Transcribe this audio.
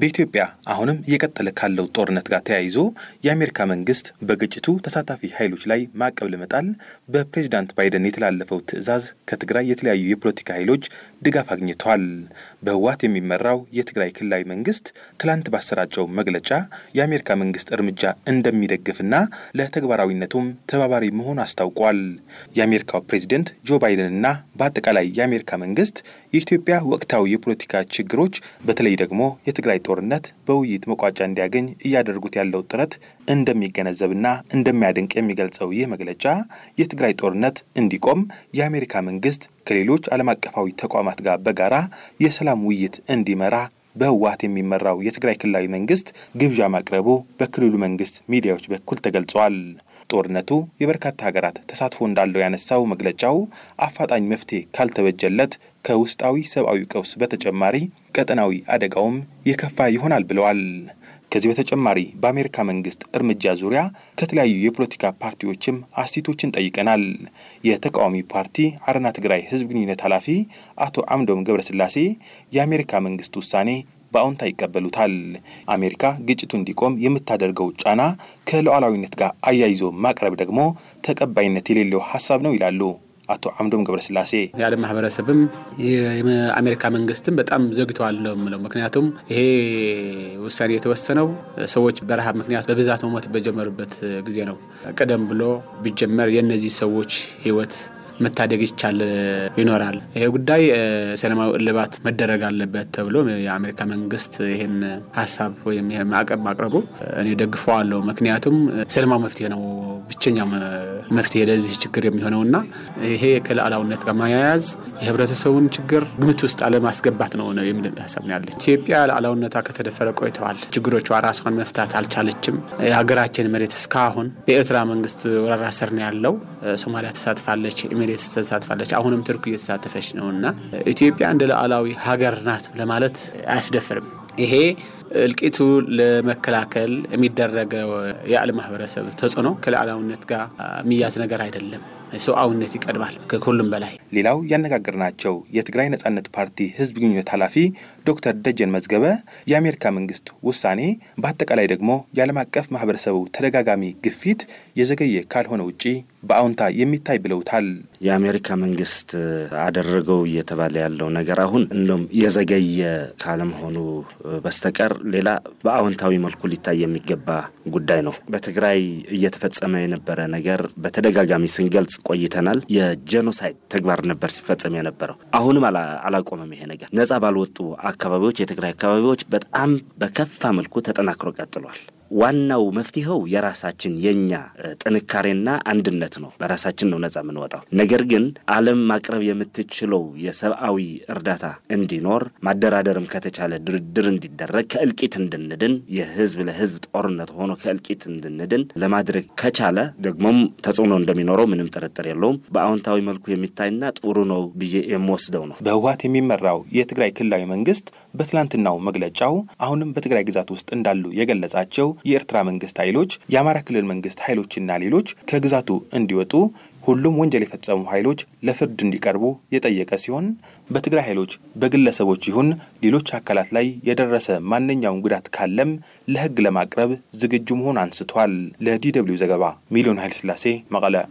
በኢትዮጵያ አሁንም እየቀጠለ ካለው ጦርነት ጋር ተያይዞ የአሜሪካ መንግስት በግጭቱ ተሳታፊ ኃይሎች ላይ ማዕቀብ ለመጣል በፕሬዚዳንት ባይደን የተላለፈው ትዕዛዝ ከትግራይ የተለያዩ የፖለቲካ ኃይሎች ድጋፍ አግኝተዋል። በህወሓት የሚመራው የትግራይ ክልላዊ መንግስት ትላንት ባሰራጨው መግለጫ የአሜሪካ መንግስት እርምጃ እንደሚደግፍና ለተግባራዊነቱም ተባባሪ መሆን አስታውቋል። የአሜሪካው ፕሬዚደንት ጆ ባይደንና በአጠቃላይ የአሜሪካ መንግስት የኢትዮጵያ ወቅታዊ የፖለቲካ ችግሮች በተለይ ደግሞ የትግራይ ጦርነት በውይይት መቋጫ እንዲያገኝ እያደረጉት ያለው ጥረት እንደሚገነዘብና እንደሚያደንቅ የሚገልጸው ይህ መግለጫ የትግራይ ጦርነት እንዲቆም የአሜሪካ መንግስት ከሌሎች ዓለም አቀፋዊ ተቋማት ጋር በጋራ የሰላም ውይይት እንዲመራ በህወሀት የሚመራው የትግራይ ክልላዊ መንግስት ግብዣ ማቅረቡ በክልሉ መንግስት ሚዲያዎች በኩል ተገልጿል። ጦርነቱ የበርካታ ሀገራት ተሳትፎ እንዳለው ያነሳው መግለጫው አፋጣኝ መፍትሄ ካልተበጀለት ከውስጣዊ ሰብአዊ ቀውስ በተጨማሪ ቀጠናዊ አደጋውም የከፋ ይሆናል ብለዋል። ከዚህ በተጨማሪ በአሜሪካ መንግስት እርምጃ ዙሪያ ከተለያዩ የፖለቲካ ፓርቲዎችም አስቴቶችን ጠይቀናል። የተቃዋሚ ፓርቲ አረና ትግራይ ህዝብ ግንኙነት ኃላፊ አቶ አምዶም ገብረስላሴ የአሜሪካ መንግስት ውሳኔ በአዎንታ ይቀበሉታል። አሜሪካ ግጭቱ እንዲቆም የምታደርገው ጫና ከሉዓላዊነት ጋር አያይዞ ማቅረብ ደግሞ ተቀባይነት የሌለው ሀሳብ ነው ይላሉ። አቶ አምዶም ገብረስላሴ የዓለም ማህበረሰብም የአሜሪካ መንግስትም በጣም ዘግተዋል ነው የምለው። ምክንያቱም ይሄ ውሳኔ የተወሰነው ሰዎች በረሃብ ምክንያት በብዛት መሞት በጀመሩበት ጊዜ ነው። ቀደም ብሎ ቢጀመር የእነዚህ ሰዎች ህይወት መታደግ ይቻል ይኖራል። ይሄ ጉዳይ ሰላማዊ እልባት መደረግ አለበት ተብሎ የአሜሪካ መንግስት ይህን ሀሳብ ወይም ማዕቀብ ማቅረቡ እኔ ደግፈዋለሁ። ምክንያቱም ሰላማዊ መፍትሄ ነው ብቸኛ መፍትሄ ለዚህ ችግር የሚሆነውና ይሄ ከሉዓላዊነት ጋር ማያያዝ የህብረተሰቡን ችግር ግምት ውስጥ አለማስገባት ነው ነው የሚል ሀሳብ ነው ኢትዮጵያ ሉዓላዊነቷ ከተደፈረ ቆይተዋል። ችግሮቿ ራሷን መፍታት አልቻለችም። የሀገራችን መሬት እስካሁን በኤርትራ መንግስት ወረራ ስር ነው ያለው። ሶማሊያ ተሳትፋለች፣ ኤሜሬትስ ተሳትፋለች፣ አሁንም ትርኩ እየተሳተፈች ነው እና ኢትዮጵያ እንደ ሉዓላዊ ሀገር ናት ለማለት አያስደፍርም ይሄ እልቂቱ ለመከላከል የሚደረገው የዓለም ማህበረሰብ ተጽዕኖ ከሉዓላዊነት ጋር የሚያዝ ነገር አይደለም። ሰብአዊነት ይቀድማል ከሁሉም በላይ። ሌላው ያነጋገርናቸው የትግራይ ነጻነት ፓርቲ ህዝብ ግንኙነት ኃላፊ ዶክተር ደጀን መዝገበ የአሜሪካ መንግስት ውሳኔ፣ በአጠቃላይ ደግሞ የዓለም አቀፍ ማህበረሰቡ ተደጋጋሚ ግፊት የዘገየ ካልሆነ ውጪ በአዎንታ የሚታይ ብለውታል። የአሜሪካ መንግስት አደረገው እየተባለ ያለው ነገር አሁን እንደም የዘገየ ካለመሆኑ በስተቀር ሌላ በአዎንታዊ መልኩ ሊታይ የሚገባ ጉዳይ ነው። በትግራይ እየተፈጸመ የነበረ ነገር በተደጋጋሚ ስንገልጽ ቆይተናል። የጄኖሳይድ ተግባር ነበር ሲፈጸም የነበረው። አሁንም አላቆመም ይሄ ነገር። ነጻ ባልወጡ አካባቢዎች፣ የትግራይ አካባቢዎች በጣም በከፋ መልኩ ተጠናክሮ ቀጥሏል። ዋናው መፍትሄው የራሳችን የኛ ጥንካሬና አንድነት ነው። በራሳችን ነው ነጻ የምንወጣው። ነገር ግን ዓለም ማቅረብ የምትችለው የሰብአዊ እርዳታ እንዲኖር ማደራደርም ከተቻለ ድርድር እንዲደረግ ከእልቂት እንድንድን የህዝብ ለህዝብ ጦርነት ሆኖ ከእልቂት እንድንድን ለማድረግ ከቻለ ደግሞም ተጽዕኖ እንደሚኖረው ምንም ጥርጥር የለውም። በአዎንታዊ መልኩ የሚታይና ጥሩ ነው ብዬ የምወስደው ነው። በህወሓት የሚመራው የትግራይ ክልላዊ መንግስት በትላንትናው መግለጫው አሁንም በትግራይ ግዛት ውስጥ እንዳሉ የገለጻቸው የኤርትራ መንግስት ኃይሎች፣ የአማራ ክልል መንግስት ኃይሎችና ሌሎች ከግዛቱ እንዲወጡ ሁሉም ወንጀል የፈጸሙ ኃይሎች ለፍርድ እንዲቀርቡ የጠየቀ ሲሆን በትግራይ ኃይሎች በግለሰቦች ይሁን ሌሎች አካላት ላይ የደረሰ ማንኛውም ጉዳት ካለም ለህግ ለማቅረብ ዝግጁ መሆን አንስቷል። ለዲ ደብልዩ ዘገባ ሚሊዮን ስላሴ መቀለ